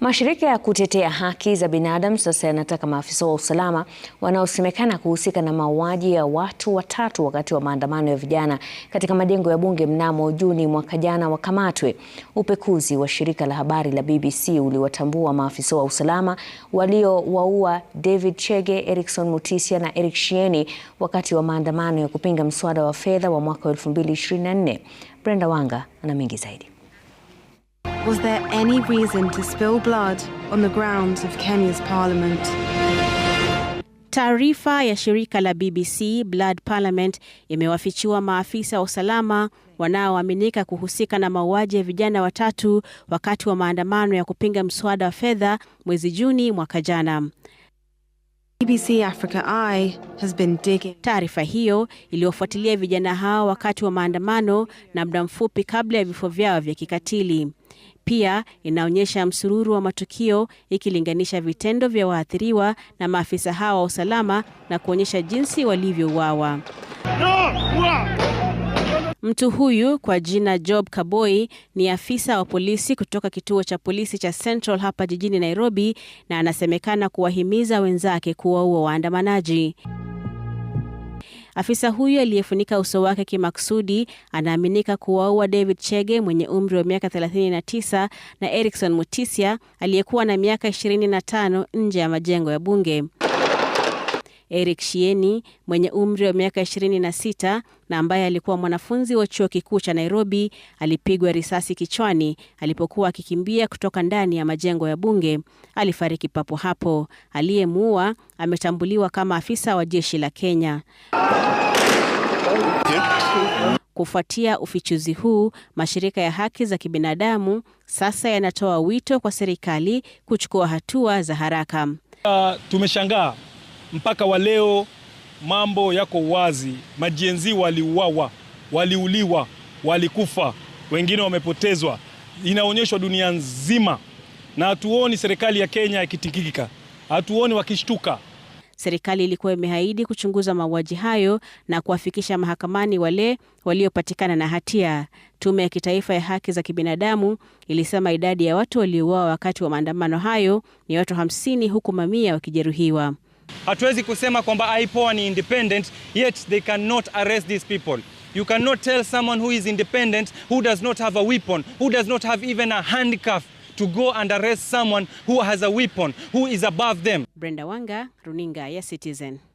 Mashirika ya kutetea haki za binadamu sasa yanataka maafisa wa usalama wanaosemekana kuhusika na mauaji ya watu watatu wakati wa maandamano ya vijana katika majengo ya bunge mnamo Juni mwaka jana wakamatwe. Upekuzi wa shirika la habari la BBC uliwatambua maafisa wa usalama waliowaua David Chege, Erickson Mutisia na Eric Shieni wakati wa maandamano ya kupinga mswada wa fedha wa mwaka 2024. Brenda Wanga ana mengi zaidi. Was there any reason to spill blood on the grounds of Kenya's parliament? Taarifa ya shirika la BBC Blood Parliament imewafichua maafisa wa usalama wanaoaminika kuhusika na mauaji ya vijana watatu wakati wa maandamano ya kupinga mswada wa fedha mwezi Juni mwaka jana. BBC Africa Eye has been digging. Taarifa hiyo iliyofuatilia vijana hao wakati wa maandamano na muda mfupi kabla ya vifo vyao vya kikatili. Pia inaonyesha msururu wa matukio ikilinganisha vitendo vya waathiriwa na maafisa hawa wa usalama na kuonyesha jinsi walivyouawa. Mtu huyu kwa jina Job Kaboi ni afisa wa polisi kutoka kituo cha polisi cha Central hapa jijini Nairobi na anasemekana kuwahimiza wenzake kuwaua waandamanaji. Afisa huyo aliyefunika uso wake kimakusudi anaaminika kuwaua David Chege mwenye umri wa miaka 39 na Erikson Mutisia aliyekuwa na miaka 25 nje ya majengo ya bunge. Eric Shieni mwenye umri wa miaka 26 na ambaye alikuwa mwanafunzi wa chuo kikuu cha Nairobi alipigwa risasi kichwani alipokuwa akikimbia kutoka ndani ya majengo ya bunge, alifariki papo hapo. Aliyemuua ametambuliwa kama afisa wa jeshi la Kenya. Kufuatia ufichuzi huu, mashirika ya haki za kibinadamu sasa yanatoa wito kwa serikali kuchukua hatua za haraka. Uh, tumeshangaa mpaka wa leo mambo yako wazi. Majenzi waliuawa, waliuliwa, walikufa, wengine wamepotezwa, inaonyeshwa dunia nzima, na hatuoni serikali ya Kenya ikitikika, hatuoni wakishtuka. Serikali ilikuwa imeahidi kuchunguza mauaji hayo na kuwafikisha mahakamani wale waliopatikana na hatia. Tume ya Kitaifa ya Haki za Kibinadamu ilisema idadi ya watu waliouawa wakati wa maandamano hayo ni watu hamsini huku mamia wakijeruhiwa. Hatuwezi kusema kwamba IPOA ni independent yet they cannot arrest these people. You cannot tell someone who is independent, who does not have a weapon, who does not have even a handcuff to go and arrest someone who has a weapon, who is above them. Brenda Wanga, Runinga ya Citizen.